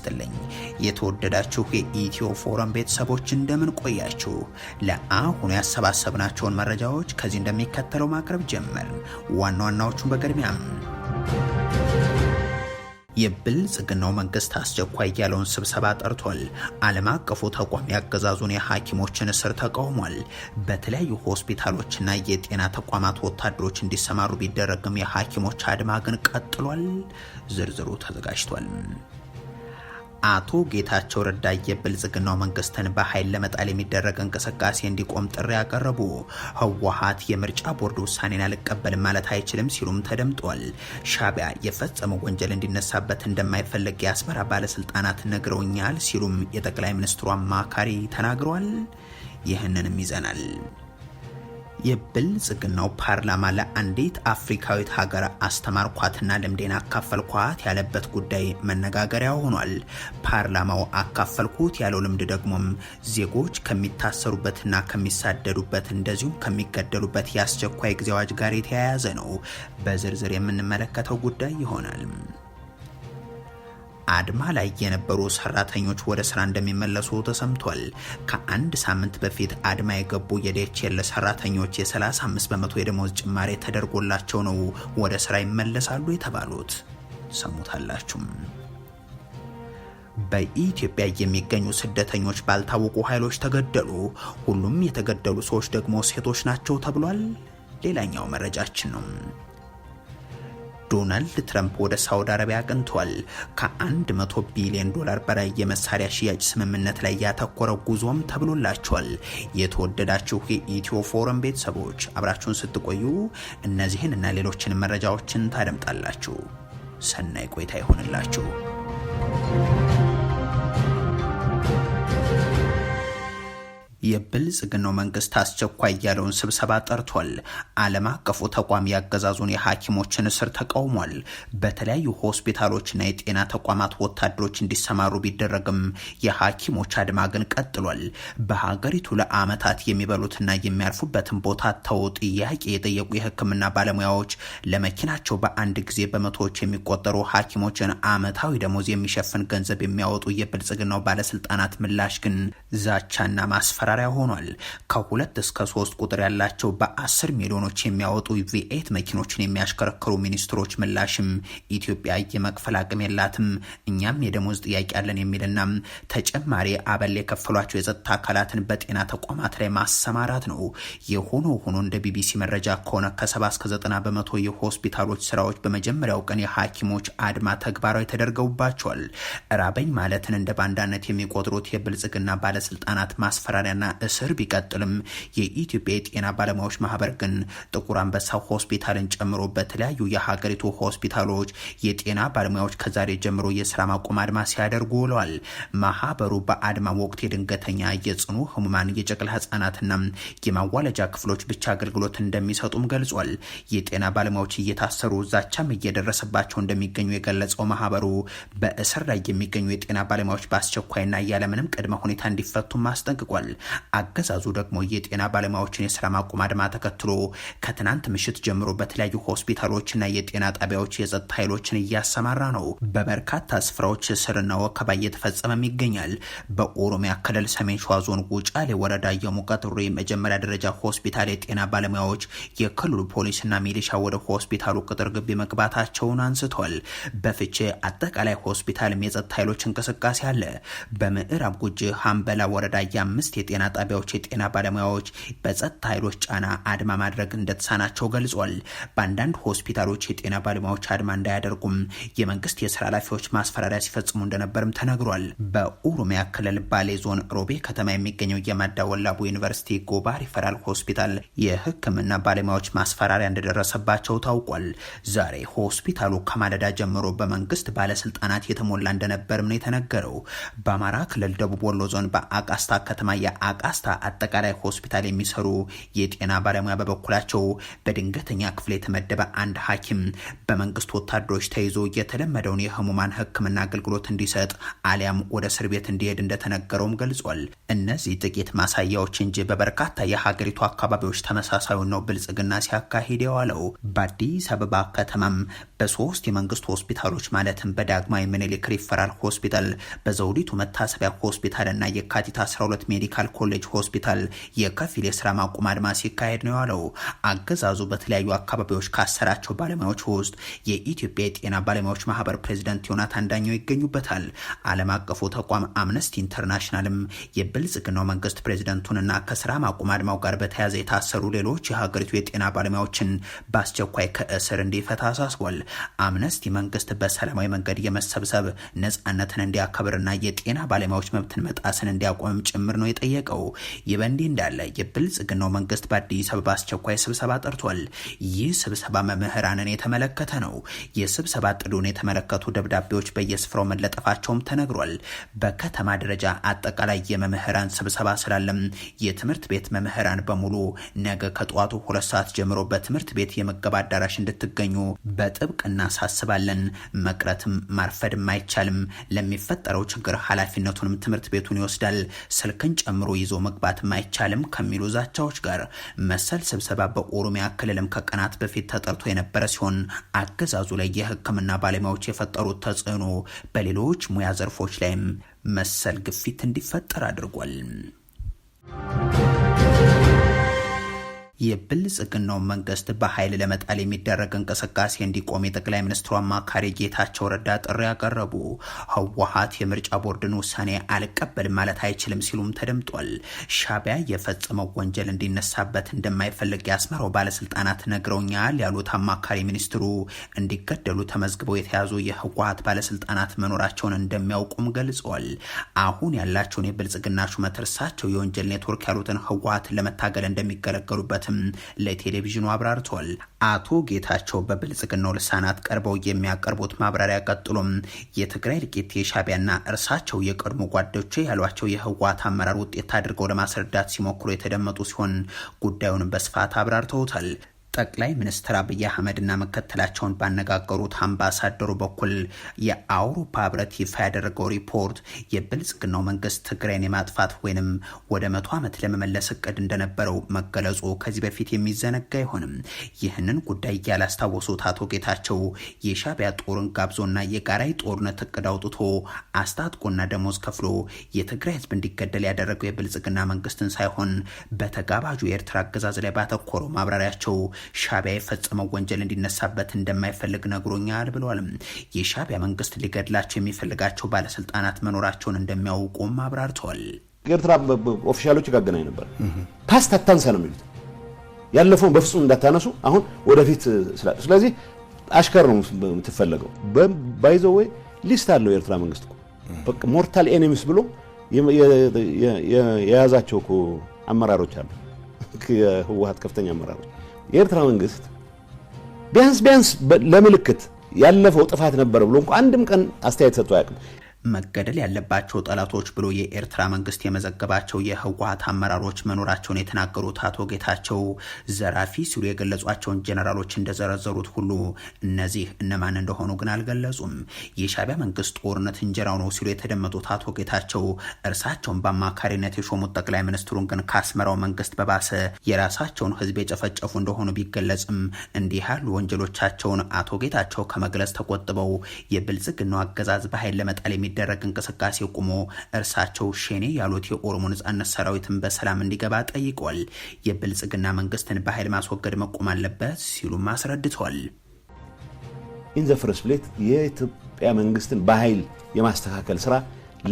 ይስጥልኝ። የተወደዳችሁ የኢትዮ ፎረም ቤተሰቦች እንደምን ቆያችሁ? ለአሁኑ ያሰባሰብናቸውን መረጃዎች ከዚህ እንደሚከተለው ማቅረብ ጀመር። ዋና ዋናዎቹን በቅድሚያም የብልጽግናው መንግስት አስቸኳይ ያለውን ስብሰባ ጠርቷል። ዓለም አቀፉ ተቋም ያገዛዙን የሐኪሞችን እስር ተቃውሟል። በተለያዩ ሆስፒታሎችና የጤና ተቋማት ወታደሮች እንዲሰማሩ ቢደረግም የሐኪሞች አድማ ግን ቀጥሏል። ዝርዝሩ ተዘጋጅቷል። አቶ ጌታቸው ረዳ የብልጽግናው መንግስትን በኃይል ለመጣል የሚደረግ እንቅስቃሴ እንዲቆም ጥሪ ያቀረቡ፣ ህወሓት የምርጫ ቦርድ ውሳኔን አልቀበልም ማለት አይችልም ሲሉም ተደምጧል። ሻቢያ የፈጸመው ወንጀል እንዲነሳበት እንደማይፈለግ የአስመራ ባለስልጣናት ነግረውኛል ሲሉም የጠቅላይ ሚኒስትሩ አማካሪ ተናግረዋል። ይህንንም ይዘናል። የብልጽግናው ፓርላማ ለአንዲት አፍሪካዊት ሀገር አስተማርኳትና ልምዴን አካፈልኳት ያለበት ጉዳይ መነጋገሪያ ሆኗል። ፓርላማው አካፈልኩት ያለው ልምድ ደግሞም ዜጎች ከሚታሰሩበትና ከሚሳደዱበት እንደዚሁም ከሚገደሉበት የአስቸኳይ ጊዜ አዋጅ ጋር የተያያዘ ነው። በዝርዝር የምንመለከተው ጉዳይ ይሆናል። አድማ ላይ የነበሩ ሰራተኞች ወደ ስራ እንደሚመለሱ ተሰምቷል። ከአንድ ሳምንት በፊት አድማ የገቡ የዴችል ሰራተኞች የ35 በመቶ የደሞዝ ጭማሪ ተደርጎላቸው ነው ወደ ስራ ይመለሳሉ የተባሉት። ሰሙታላችሁም። በኢትዮጵያ የሚገኙ ስደተኞች ባልታወቁ ኃይሎች ተገደሉ። ሁሉም የተገደሉ ሰዎች ደግሞ ሴቶች ናቸው ተብሏል። ሌላኛው መረጃችን ነው። ዶናልድ ትረምፕ ወደ ሳውዲ አረቢያ አቅንቷል። ከ100 ቢሊዮን ዶላር በላይ የመሳሪያ ሽያጭ ስምምነት ላይ ያተኮረ ጉዞም ተብሎላቸዋል። የተወደዳችሁ የኢትዮ ፎረም ቤተሰቦች አብራችሁን ስትቆዩ እነዚህን እና ሌሎችን መረጃዎችን ታደምጣላችሁ። ሰናይ ቆይታ ይሆንላችሁ። የብልጽግናው መንግስት አስቸኳይ ያለውን ስብሰባ ጠርቷል። ዓለም አቀፉ ተቋም የአገዛዙን የሐኪሞችን እስር ተቃውሟል። በተለያዩ ሆስፒታሎችና የጤና ተቋማት ወታደሮች እንዲሰማሩ ቢደረግም የሐኪሞች አድማ ግን ቀጥሏል። በሀገሪቱ ለአመታት የሚበሉትና የሚያርፉበትን ቦታ ተው ጥያቄ የጠየቁ የህክምና ባለሙያዎች ለመኪናቸው በአንድ ጊዜ በመቶዎች የሚቆጠሩ ሐኪሞችን አመታዊ ደሞዝ የሚሸፍን ገንዘብ የሚያወጡ የብልጽግናው ባለስልጣናት ምላሽ ግን ዛቻና ማስፈራ ማስፈራሪያ ሆኗል። ከሁለት እስከ ሶስት ቁጥር ያላቸው በአስር ሚሊዮኖች የሚያወጡ ቪኤት መኪኖችን የሚያሽከረክሩ ሚኒስትሮች ምላሽም ኢትዮጵያ የመክፈል አቅም የላትም፣ እኛም የደሞዝ ጥያቄ አለን የሚልና ተጨማሪ አበል የከፈሏቸው የጸጥታ አካላትን በጤና ተቋማት ላይ ማሰማራት ነው። የሆኖ ሆኖ እንደ ቢቢሲ መረጃ ከሆነ ከሰባ እስከ ዘጠና በመቶ የሆስፒታሎች ስራዎች በመጀመሪያው ቀን የሐኪሞች አድማ ተግባራዊ ተደርገውባቸዋል። ራበኝ ማለትን እንደ ባንዳነት የሚቆጥሩት የብልጽግና ባለስልጣናት ማስፈራሪያ ማፈንና እስር ቢቀጥልም የኢትዮጵያ የጤና ባለሙያዎች ማህበር ግን ጥቁር አንበሳ ሆስፒታልን ጨምሮ በተለያዩ የሀገሪቱ ሆስፒታሎች የጤና ባለሙያዎች ከዛሬ ጀምሮ የስራ ማቆም አድማ ሲያደርጉ ውለዋል። ማህበሩ በአድማ ወቅት የድንገተኛ የጽኑ ህሙማን የጨቅላ ህጻናትና የማዋለጃ ክፍሎች ብቻ አገልግሎት እንደሚሰጡም ገልጿል። የጤና ባለሙያዎች እየታሰሩ ዛቻም እየደረሰባቸው እንደሚገኙ የገለጸው ማህበሩ በእስር ላይ የሚገኙ የጤና ባለሙያዎች በአስቸኳይና ያለምንም ቅድመ ሁኔታ እንዲፈቱም አስጠንቅቋል። አገዛዙ ደግሞ የጤና ባለሙያዎችን የስራ ማቆም አድማ ተከትሎ ከትናንት ምሽት ጀምሮ በተለያዩ ሆስፒታሎችና የጤና ጣቢያዎች የጸጥታ ኃይሎችን እያሰማራ ነው። በበርካታ ስፍራዎች ስርና ወከባ እየተፈጸመም ይገኛል። በኦሮሚያ ክልል ሰሜን ሸዋ ዞን ጉጫሌ ወረዳ የሙቀት የመጀመሪያ ደረጃ ሆስፒታል የጤና ባለሙያዎች የክልሉ ፖሊስና ሚሊሻ ወደ ሆስፒታሉ ቅጥር ግቢ መግባታቸውን አንስቷል። በፍቼ አጠቃላይ ሆስፒታልም የጸጥታ ኃይሎች እንቅስቃሴ አለ። በምዕራብ ጉጂ ሀምበላ ወረዳ የአምስት የጤና ጤና ጣቢያዎች የጤና ባለሙያዎች በጸጥታ ኃይሎች ጫና አድማ ማድረግ እንደተሳናቸው ገልጿል። በአንዳንድ ሆስፒታሎች የጤና ባለሙያዎች አድማ እንዳያደርጉም የመንግስት የስራ ኃላፊዎች ማስፈራሪያ ሲፈጽሙ እንደነበርም ተነግሯል። በኦሮሚያ ክልል ባሌ ዞን ሮቤ ከተማ የሚገኘው የማዳ ወላቡ ዩኒቨርሲቲ ጎባ ሪፈራል ሆስፒታል የህክምና ባለሙያዎች ማስፈራሪያ እንደደረሰባቸው ታውቋል። ዛሬ ሆስፒታሉ ከማለዳ ጀምሮ በመንግስት ባለስልጣናት የተሞላ እንደነበርም ነው የተነገረው። በአማራ ክልል ደቡብ ወሎ ዞን በአቃስታ ከተማ የአ አቃስታ አጠቃላይ ሆስፒታል የሚሰሩ የጤና ባለሙያ በበኩላቸው በድንገተኛ ክፍል የተመደበ አንድ ሐኪም በመንግስት ወታደሮች ተይዞ የተለመደውን የህሙማን ሕክምና አገልግሎት እንዲሰጥ አሊያም ወደ እስር ቤት እንዲሄድ እንደተነገረውም ገልጿል። እነዚህ ጥቂት ማሳያዎች እንጂ በበርካታ የሀገሪቱ አካባቢዎች ተመሳሳዩ ነው ብልጽግና ሲያካሂድ የዋለው። በአዲስ አበባ ከተማም በሶስት የመንግስት ሆስፒታሎች ማለትም በዳግማዊ ምኒልክ ሪፈራል ሆስፒታል፣ በዘውዲቱ መታሰቢያ ሆስፒታልና የካቲት 12 ሜዲካል ኮሌጅ ሆስፒታል የከፊል የስራ ማቆም አድማ ሲካሄድ ነው ያለው። አገዛዙ በተለያዩ አካባቢዎች ካሰራቸው ባለሙያዎች ውስጥ የኢትዮጵያ የጤና ባለሙያዎች ማህበር ፕሬዚደንት ዮናታን ዳኛው ይገኙበታል። ዓለም አቀፉ ተቋም አምነስቲ ኢንተርናሽናልም የብልጽግናው መንግስት ፕሬዚደንቱንና ከስራ ማቆም አድማው ጋር በተያያዘ የታሰሩ ሌሎች የሀገሪቱ የጤና ባለሙያዎችን በአስቸኳይ ከእስር እንዲፈታ አሳስቧል። አምነስቲ መንግስት በሰላማዊ መንገድ የመሰብሰብ ነጻነትን እንዲያከብርና የጤና ባለሙያዎች መብትን መጣስን እንዲያቆምም ጭምር ነው የጠየቀው። ጠየቀው። ይህ በእንዲህ እንዳለ የብልጽግናው መንግስት በአዲስ አበባ አስቸኳይ ስብሰባ ጠርቷል። ይህ ስብሰባ መምህራንን የተመለከተ ነው። የስብሰባ ጥዱን የተመለከቱ ደብዳቤዎች በየስፍራው መለጠፋቸውም ተነግሯል። በከተማ ደረጃ አጠቃላይ የመምህራን ስብሰባ ስላለም የትምህርት ቤት መምህራን በሙሉ ነገ ከጠዋቱ ሁለት ሰዓት ጀምሮ በትምህርት ቤት የምገብ አዳራሽ እንድትገኙ በጥብቅ እናሳስባለን። መቅረትም ማርፈድም አይቻልም። ለሚፈጠረው ችግር ኃላፊነቱንም ትምህርት ቤቱን ይወስዳል። ስልክን ጨምሮ ጦሩ ይዞ መግባትም አይቻልም ከሚሉ ዛቻዎች ጋር መሰል ስብሰባ በኦሮሚያ ክልልም ከቀናት በፊት ተጠርቶ የነበረ ሲሆን አገዛዙ ላይ የሕክምና ባለሙያዎች የፈጠሩት ተጽዕኖ በሌሎች ሙያ ዘርፎች ላይም መሰል ግፊት እንዲፈጠር አድርጓል። የብልጽግናው መንግስት በኃይል ለመጣል የሚደረግ እንቅስቃሴ እንዲቆም የጠቅላይ ሚኒስትሩ አማካሪ ጌታቸው ረዳ ጥሪ ያቀረቡ፣ ህወሓት የምርጫ ቦርድን ውሳኔ አልቀበልም ማለት አይችልም ሲሉም ተደምጧል። ሻቢያ የፈጸመው ወንጀል እንዲነሳበት እንደማይፈልግ የአስመራው ባለስልጣናት ነግረውኛል ያሉት አማካሪ ሚኒስትሩ እንዲገደሉ ተመዝግበው የተያዙ የህወሓት ባለስልጣናት መኖራቸውን እንደሚያውቁም ገልጿል። አሁን ያላቸውን የብልጽግና ሹመት እርሳቸው የወንጀል ኔትወርክ ያሉትን ህወሓት ለመታገል እንደሚገለገሉበት በማለትም ለቴሌቪዥኑ አብራርቷል። አቶ ጌታቸው በብልጽግናው ልሳናት ቀርበው የሚያቀርቡት ማብራሪያ ቀጥሎም የትግራይ ልቂት የሻቢያና እርሳቸው የቀድሞ ጓዶች ያሏቸው የህወሓት አመራር ውጤት አድርገው ለማስረዳት ሲሞክሩ የተደመጡ ሲሆን ጉዳዩን በስፋት አብራርተውታል። ጠቅላይ ሚኒስትር አብይ አህመድና መከተላቸውን ባነጋገሩት አምባሳደሩ በኩል የአውሮፓ ህብረት ይፋ ያደረገው ሪፖርት የብልጽግናው መንግስት ትግራይን የማጥፋት ወይንም ወደ መቶ ዓመት ለመመለስ እቅድ እንደነበረው መገለጹ ከዚህ በፊት የሚዘነጋ አይሆንም። ይህንን ጉዳይ ያላስታወሱት አቶ ጌታቸው የሻቢያ ጦርን ጋብዞና የጋራ ጦርነት እቅድ አውጥቶ አስታጥቆና ደሞዝ ከፍሎ የትግራይ ህዝብ እንዲገደል ያደረገው የብልጽግና መንግስትን ሳይሆን በተጋባዡ የኤርትራ አገዛዝ ላይ ባተኮረው ማብራሪያቸው ሻቢያ የፈጸመው ወንጀል እንዲነሳበት እንደማይፈልግ ነግሮኛል ብለዋል። የሻቢያ መንግስት ሊገድላቸው የሚፈልጋቸው ባለስልጣናት መኖራቸውን እንደሚያውቁም አብራርተዋል። ኤርትራ ኦፊሻሎች ጋገናኝ ነበር። ፓስት አታንሳ ነው የሚሉት ያለፈውን በፍጹም እንዳታነሱ አሁን ወደፊት። ስለዚህ አሽከር ነው የምትፈለገው። ባይዘ ወይ ሊስት አለው የኤርትራ መንግስት ሞርታል ኤኒሚስ ብሎ የያዛቸው አመራሮች አሉ፣ የህወሀት ከፍተኛ አመራሮች የኤርትራ መንግስት ቢያንስ ቢያንስ ለምልክት ያለፈው ጥፋት ነበረ ብሎ እንኳ አንድም ቀን አስተያየት ሰጥቶ አያውቅም። መገደል ያለባቸው ጠላቶች ብሎ የኤርትራ መንግስት የመዘገባቸው የህወሀት አመራሮች መኖራቸውን የተናገሩት አቶ ጌታቸው ዘራፊ ሲሉ የገለጿቸውን ጀኔራሎች እንደዘረዘሩት ሁሉ እነዚህ እነማን እንደሆኑ ግን አልገለጹም። የሻቢያ መንግስት ጦርነት እንጀራው ነው ሲሉ የተደመጡት አቶ ጌታቸው እርሳቸውን በአማካሪነት የሾሙት ጠቅላይ ሚኒስትሩን ግን ከአስመራው መንግስት በባሰ የራሳቸውን ህዝብ የጨፈጨፉ እንደሆኑ ቢገለጽም እንዲህ ያሉ ወንጀሎቻቸውን አቶ ጌታቸው ከመግለጽ ተቆጥበው የብልጽግናው አገዛዝ በኃይል ለመጣል የሚ የሚደረግ እንቅስቃሴ ቁሞ እርሳቸው ሸኔ ያሉት የኦሮሞ ነጻነት ሰራዊትን በሰላም እንዲገባ ጠይቋል። የብልጽግና መንግስትን በኃይል ማስወገድ መቆም አለበት ሲሉም አስረድተዋል። ኢንዘፍረስ ፕሌት የኢትዮጵያ መንግስትን በኃይል የማስተካከል ስራ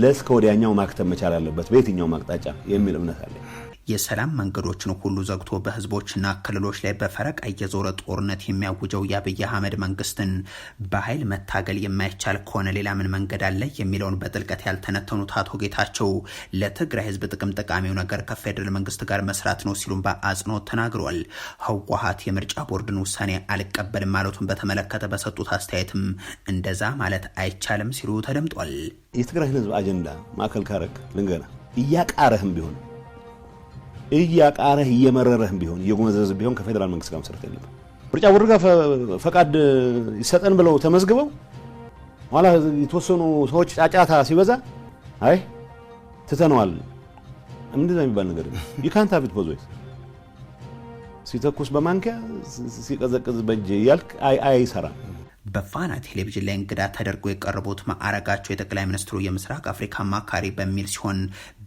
ለእስከ ወዲያኛው ማክተም መቻል አለበት በየትኛውም አቅጣጫ የሚል እምነት አለ። የሰላም መንገዶችን ሁሉ ዘግቶ በህዝቦችና ክልሎች ላይ በፈረቃ እየዞረ ጦርነት የሚያውጀው የአብይ አህመድ መንግስትን በኃይል መታገል የማይቻል ከሆነ ሌላ ምን መንገድ አለ የሚለውን በጥልቀት ያልተነተኑት አቶ ጌታቸው ለትግራይ ህዝብ ጥቅም ጠቃሚው ነገር ከፌዴራል መንግስት ጋር መስራት ነው ሲሉም በአጽንኦት ተናግሯል። ህወሀት የምርጫ ቦርድን ውሳኔ አልቀበልም ማለቱን በተመለከተ በሰጡት አስተያየትም እንደዛ ማለት አይቻልም ሲሉ ተደምጧል። የትግራይ ህዝብ አጀንዳ ማዕከል ካረክ ልንገና እያቃረህም ቢሆን እያቃረህ እየመረረህም ቢሆን እየጎመዘዝ ቢሆን ከፌዴራል መንግስት ጋር መሰረት የለብህ። ምርጫ ቦርድ ጋር ፈቃድ ይሰጠን ብለው ተመዝግበው ኋላ የተወሰኑ ሰዎች ጫጫታ ሲበዛ አይ ትተነዋል፣ እንደዛ የሚባል ነገር ይካንት ሀቭ ኢት ሲተኩስ በማንኪያ ሲቀዘቅዝ በእጅ እያልክ አይሰራም። በፋና ቴሌቪዥን ላይ እንግዳ ተደርጎ የቀረቡት ማዕረጋቸው የጠቅላይ ሚኒስትሩ የምስራቅ አፍሪካ አማካሪ በሚል ሲሆን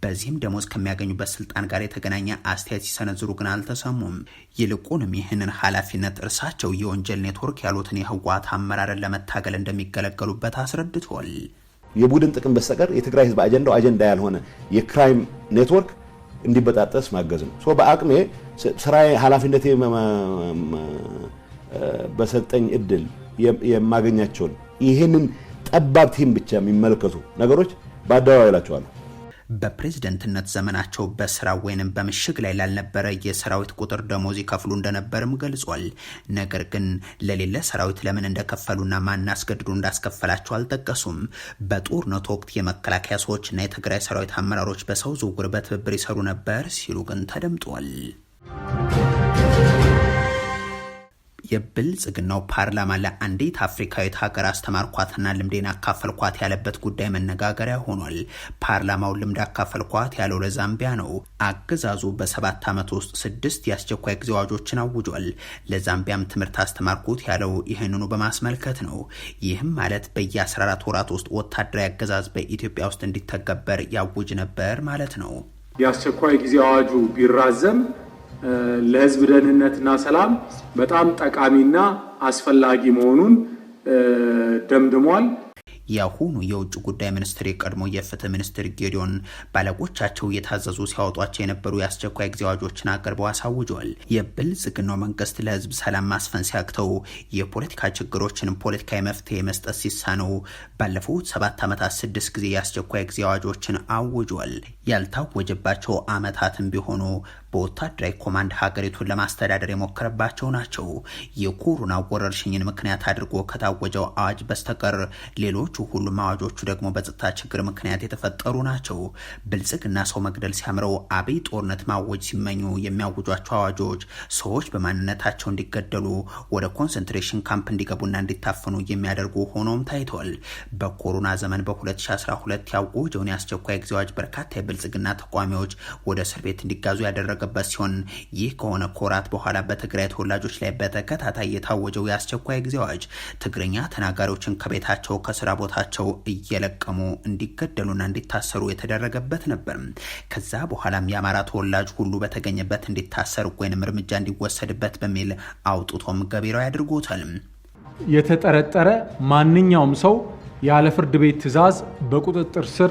በዚህም ደሞዝ ከሚያገኙበት ስልጣን ጋር የተገናኘ አስተያየት ሲሰነዝሩ ግን አልተሰሙም። ይልቁንም ይህንን ኃላፊነት እርሳቸው የወንጀል ኔትወርክ ያሉትን የህወሓት አመራርን ለመታገል እንደሚገለገሉበት አስረድቷል። የቡድን ጥቅም በስተቀር የትግራይ ህዝብ አጀንዳው አጀንዳ ያልሆነ የክራይም ኔትወርክ እንዲበጣጠስ ማገዝ ነው። በአቅሜ ስራ ኃላፊነቴ በሰጠኝ እድል የማገኛቸውን ይህንን ጠባብ ቲም ብቻ የሚመለከቱ ነገሮች በአደባባይ እላቸዋለሁ። በፕሬዝደንትነት ዘመናቸው በስራ ወይንም በምሽግ ላይ ላልነበረ የሰራዊት ቁጥር ደሞዝ ይከፍሉ እንደነበርም ገልጿል። ነገር ግን ለሌለ ሰራዊት ለምን እንደከፈሉና ማን አስገድዶ እንዳስከፈላቸው አልጠቀሱም። በጦርነቱ ወቅት የመከላከያ ሰዎችና የትግራይ ሰራዊት አመራሮች በሰው ዝውውር በትብብር ይሰሩ ነበር ሲሉ ግን ተደምጧል። የብልጽግናው ፓርላማ ለአንዲት አፍሪካዊት ሀገር አስተማርኳትና ልምዴን አካፈልኳት ያለበት ጉዳይ መነጋገሪያ ሆኗል። ፓርላማው ልምድ አካፈልኳት ያለው ለዛምቢያ ነው። አገዛዙ በሰባት ዓመት ውስጥ ስድስት የአስቸኳይ ጊዜ አዋጆችን አውጇል። ለዛምቢያም ትምህርት አስተማርኩት ያለው ይህንኑ በማስመልከት ነው። ይህም ማለት በየ14 ወራት ውስጥ ወታደራዊ አገዛዝ በኢትዮጵያ ውስጥ እንዲተገበር ያውጅ ነበር ማለት ነው። የአስቸኳይ ጊዜ አዋጁ ቢራዘም ለህዝብ ደህንነትና ሰላም በጣም ጠቃሚና አስፈላጊ መሆኑን ደምድሟል። የአሁኑ የውጭ ጉዳይ ሚኒስትር የቀድሞ የፍትህ ሚኒስትር ጌዲዮን ባለቆቻቸው እየታዘዙ ሲያወጧቸው የነበሩ የአስቸኳይ ጊዜ አዋጆችን አቅርበው አሳውጇል። የብልጽግናው መንግስት ለህዝብ ሰላም ማስፈን ሲያክተው የፖለቲካ ችግሮችን ፖለቲካዊ መፍትሄ መስጠት ሲሳነው ባለፉት ሰባት ዓመታት ስድስት ጊዜ የአስቸኳይ ጊዜ አዋጆችን አውጇል። ያልታወጀባቸው አመታትም ቢሆኑ በወታደራዊ ኮማንድ ሀገሪቱን ለማስተዳደር የሞከረባቸው ናቸው። የኮሮና ወረርሽኝን ምክንያት አድርጎ ከታወጀው አዋጅ በስተቀር ሌሎቹ ሁሉም አዋጆቹ ደግሞ በጸጥታ ችግር ምክንያት የተፈጠሩ ናቸው። ብልጽግና ሰው መግደል ሲያምረው አብይ ጦርነት ማወጅ ሲመኙ የሚያውጇቸው አዋጆች ሰዎች በማንነታቸው እንዲገደሉ፣ ወደ ኮንሰንትሬሽን ካምፕ እንዲገቡና እንዲታፈኑ የሚያደርጉ ሆኖም ታይቷል። በኮሮና ዘመን በ2012 ያወጀውን የአስቸኳይ ጊዜ አዋጅ በርካታ የብልጽግና ተቋሚዎች ወደ እስር ቤት እንዲጋዙ ያደረገበት ሲሆን ይህ ከሆነ ኮራት በኋላ በትግራይ ተወላጆች ላይ በተከታታይ የታወጀው የአስቸኳይ ጊዜ አዋጅ ትግርኛ ተናጋሪዎችን ከቤታቸው ከስራ ቦታቸው እየለቀሙ እንዲገደሉና እንዲታሰሩ የተደረገበት ነበር። ከዛ በኋላም የአማራ ተወላጅ ሁሉ በተገኘበት እንዲታሰር ወይንም እርምጃ እንዲወሰድበት በሚል አውጥቶም ገቢራዊ ያድርጎታል። የተጠረጠረ ማንኛውም ሰው ያለ ፍርድ ቤት ትዕዛዝ በቁጥጥር ስር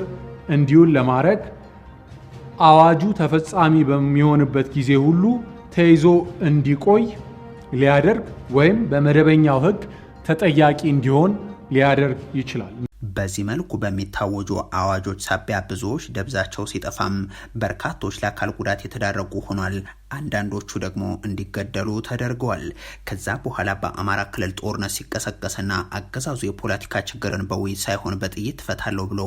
እንዲውል ለማድረግ አዋጁ ተፈጻሚ በሚሆንበት ጊዜ ሁሉ ተይዞ እንዲቆይ ሊያደርግ ወይም በመደበኛው ሕግ ተጠያቂ እንዲሆን ሊያደርግ ይችላል። በዚህ መልኩ በሚታወጁ አዋጆች ሳቢያ ብዙዎች ደብዛቸው ሲጠፋም በርካቶች ለአካል ጉዳት የተዳረጉ ሆኗል። አንዳንዶቹ ደግሞ እንዲገደሉ ተደርገዋል። ከዛ በኋላ በአማራ ክልል ጦርነት ሲቀሰቀስና አገዛዙ የፖለቲካ ችግርን በውይይት ሳይሆን በጥይት ትፈታለሁ ብሎ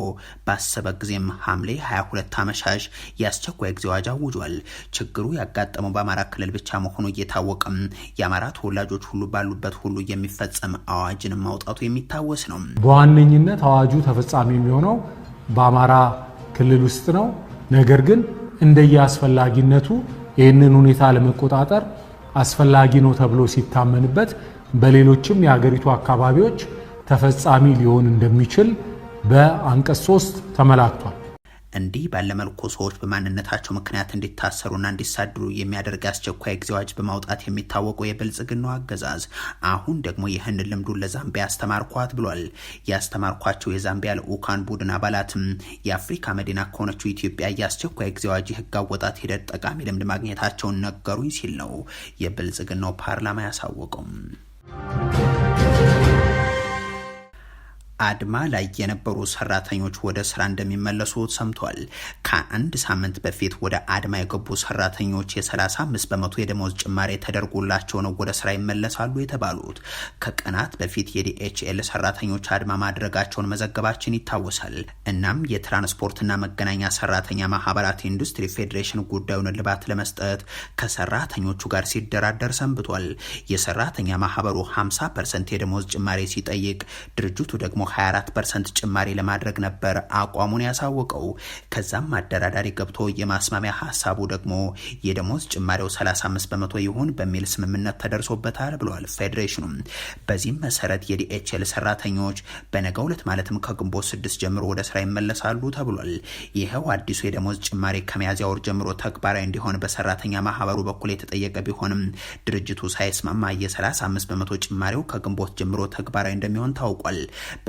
ባሰበ ጊዜም ሐምሌ 22 አመሻሽ የአስቸኳይ ጊዜ አዋጅ አውጇል። ችግሩ ያጋጠመው በአማራ ክልል ብቻ መሆኑ እየታወቀም የአማራ ተወላጆች ሁሉ ባሉበት ሁሉ የሚፈጸም አዋጅን ማውጣቱ የሚታወስ ነው። በዋነኝነት አዋጁ ተፈጻሚ የሚሆነው በአማራ ክልል ውስጥ ነው። ነገር ግን እንደየ አስፈላጊነቱ ይህንን ሁኔታ ለመቆጣጠር አስፈላጊ ነው ተብሎ ሲታመንበት በሌሎችም የሀገሪቱ አካባቢዎች ተፈጻሚ ሊሆን እንደሚችል በአንቀጽ 3 ተመላክቷል። እንዲህ ባለመልኩ ሰዎች በማንነታቸው ምክንያት እንዲታሰሩና እንዲሳድሩ የሚያደርግ አስቸኳይ ጊዜ አዋጅ በማውጣት የሚታወቀው የብልጽግናው አገዛዝ አሁን ደግሞ ይህን ልምዱን ለዛምቢያ አስተማርኳት ብሏል። ያስተማርኳቸው የዛምቢያ ልዑካን ቡድን አባላትም የአፍሪካ መዲና ከሆነችው ኢትዮጵያ የአስቸኳይ ጊዜ አዋጅ ህግ አወጣት ሂደት ጠቃሚ ልምድ ማግኘታቸውን ነገሩኝ ሲል ነው የብልጽግናው ፓርላማ ያሳወቀው። አድማ ላይ የነበሩ ሰራተኞች ወደ ስራ እንደሚመለሱ ሰምቷል። ከአንድ ሳምንት በፊት ወደ አድማ የገቡ ሰራተኞች የ35 በመቶ የደሞዝ ጭማሪ ተደርጎላቸው ነው ወደ ስራ ይመለሳሉ የተባሉት። ከቀናት በፊት የዲኤችኤል ሰራተኞች አድማ ማድረጋቸውን መዘገባችን ይታወሳል። እናም የትራንስፖርትና መገናኛ ሰራተኛ ማህበራት ኢንዱስትሪ ፌዴሬሽን ጉዳዩን እልባት ለመስጠት ከሰራተኞቹ ጋር ሲደራደር ሰንብቷል። የሰራተኛ ማህበሩ 50 ፐርሰንት የደሞዝ ጭማሪ ሲጠይቅ ድርጅቱ ደግሞ 24 ፐርሰንት ጭማሪ ለማድረግ ነበር አቋሙን ያሳወቀው። ከዛም አደራዳሪ ገብቶ የማስማሚያ ሀሳቡ ደግሞ የደሞዝ ጭማሪው 35 በመቶ ይሁን በሚል ስምምነት ተደርሶበታል ብለዋል ፌዴሬሽኑም። በዚህም መሰረት የዲኤችኤል ሰራተኞች በነገ ሁለት ማለትም ከግንቦት ስድስት ጀምሮ ወደ ስራ ይመለሳሉ ተብሏል። ይኸው አዲሱ የደሞዝ ጭማሪ ከሚያዝያ ወር ጀምሮ ተግባራዊ እንዲሆን በሰራተኛ ማህበሩ በኩል የተጠየቀ ቢሆንም ድርጅቱ ሳይስማማ የ35 በመቶ ጭማሪው ከግንቦት ጀምሮ ተግባራዊ እንደሚሆን ታውቋል።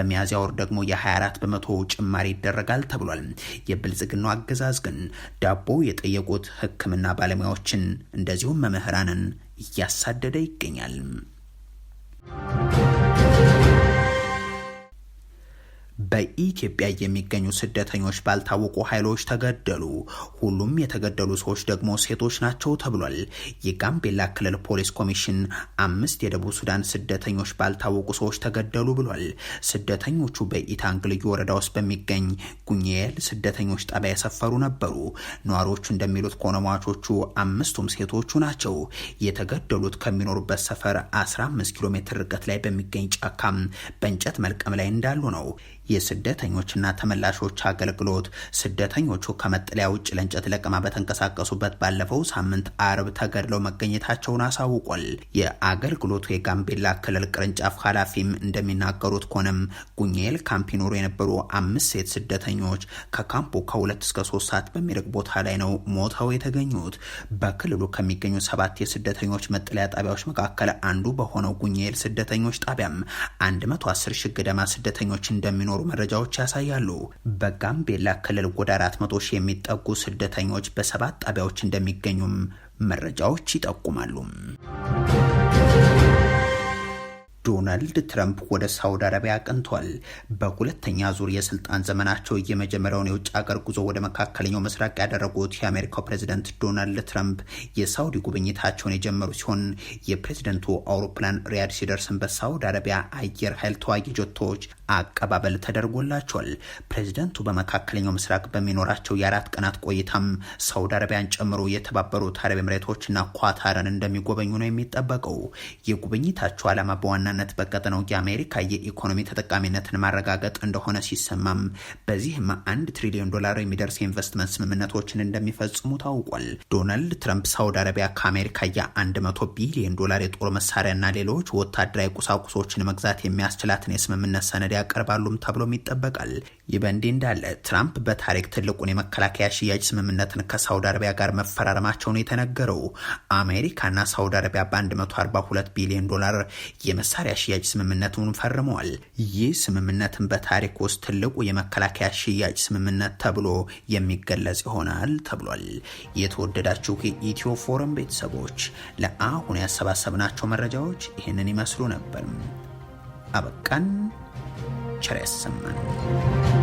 በሚያዝያ ወር ደግሞ የ24 በመቶ ጭማሪ ይደረጋል ተብሏል። የብልጽግናው አገዛዝ ግን ዳቦ የጠየቁት ሕክምና ባለሙያዎችን እንደዚሁም መምህራንን እያሳደደ ይገኛል። በኢትዮጵያ የሚገኙ ስደተኞች ባልታወቁ ኃይሎች ተገደሉ። ሁሉም የተገደሉ ሰዎች ደግሞ ሴቶች ናቸው ተብሏል። የጋምቤላ ክልል ፖሊስ ኮሚሽን አምስት የደቡብ ሱዳን ስደተኞች ባልታወቁ ሰዎች ተገደሉ ብሏል። ስደተኞቹ በኢታንግ ልዩ ወረዳ ውስጥ በሚገኝ ጉኝኤል ስደተኞች ጣቢያ የሰፈሩ ነበሩ። ነዋሪዎቹ እንደሚሉት ከሆነ ሟቾቹ አምስቱም ሴቶቹ ናቸው። የተገደሉት ከሚኖሩበት ሰፈር 15 ኪሎ ሜትር ርቀት ላይ በሚገኝ ጫካም በእንጨት መልቀም ላይ እንዳሉ ነው። የስደተኞችና ተመላሾች አገልግሎት ስደተኞቹ ከመጠለያ ውጭ ለእንጨት ለቀማ በተንቀሳቀሱበት ባለፈው ሳምንት አርብ ተገድለው መገኘታቸውን አሳውቋል። የአገልግሎቱ የጋምቤላ ክልል ቅርንጫፍ ኃላፊም እንደሚናገሩት ከሆነም ጉኝኤል ካምፕ ይኖሩ የነበሩ አምስት ሴት ስደተኞች ከካምፑ ከሁለት እስከ ሶስት ሰዓት በሚርቅ ቦታ ላይ ነው ሞተው የተገኙት። በክልሉ ከሚገኙ ሰባት የስደተኞች መጠለያ ጣቢያዎች መካከል አንዱ በሆነው ጉኝኤል ስደተኞች ጣቢያም 110 ሺህ ገደማ ስደተኞች እንደሚኖሩ እንደሚኖሩ መረጃዎች ያሳያሉ። በጋምቤላ ክልል ወደ 400 ሺህ የሚጠጉ ስደተኞች በሰባት ጣቢያዎች እንደሚገኙም መረጃዎች ይጠቁማሉ። ዶናልድ ትራምፕ ወደ ሳውዲ አረቢያ አቅንቷል። በሁለተኛ ዙር የስልጣን ዘመናቸው የመጀመሪያውን የውጭ ሀገር ጉዞ ወደ መካከለኛው ምስራቅ ያደረጉት የአሜሪካው ፕሬዚደንት ዶናልድ ትራምፕ የሳውዲ ጉብኝታቸውን የጀመሩ ሲሆን የፕሬዚደንቱ አውሮፕላን ሪያድ ሲደርስን በሳውዲ አረቢያ አየር ኃይል ተዋጊ ጀቶች አቀባበል ተደርጎላቸዋል። ፕሬዚደንቱ በመካከለኛው ምስራቅ በሚኖራቸው የአራት ቀናት ቆይታም ሳውዲ አረቢያን ጨምሮ የተባበሩት አረብ ኤምሬቶችና ኳታርን እንደሚጎበኙ ነው የሚጠበቀው። የጉብኝታቸው ዓላማ በዋና በዋናነት በቀጠናው የአሜሪካ የኢኮኖሚ ተጠቃሚነትን ማረጋገጥ እንደሆነ ሲሰማም በዚህም አንድ ትሪሊዮን ዶላር የሚደርስ የኢንቨስትመንት ስምምነቶችን እንደሚፈጽሙ ታውቋል። ዶናልድ ትራምፕ ሳውዲ አረቢያ ከአሜሪካ የ100 ቢሊዮን ዶላር የጦር መሳሪያና ሌሎች ወታደራዊ ቁሳቁሶችን መግዛት የሚያስችላትን የስምምነት ሰነድ ያቀርባሉም ተብሎም ይጠበቃል። ይህ በእንዲህ እንዳለ ትራምፕ በታሪክ ትልቁን የመከላከያ ሽያጭ ስምምነትን ከሳውዲ አረቢያ ጋር መፈራረማቸውን የተነገረው አሜሪካና ሳውዲ አረቢያ በ142 ቢሊዮን ዶላር የመሳሪያ መሳሪያ ሽያጭ ስምምነቱን ፈርመዋል። ይህ ስምምነትን በታሪክ ውስጥ ትልቁ የመከላከያ ሽያጭ ስምምነት ተብሎ የሚገለጽ ይሆናል ተብሏል። የተወደዳችሁ የኢትዮ ፎረም ቤተሰቦች ለአሁን ያሰባሰብናቸው መረጃዎች ይህንን ይመስሉ ነበር። አበቃን። ቸር ያሰማን።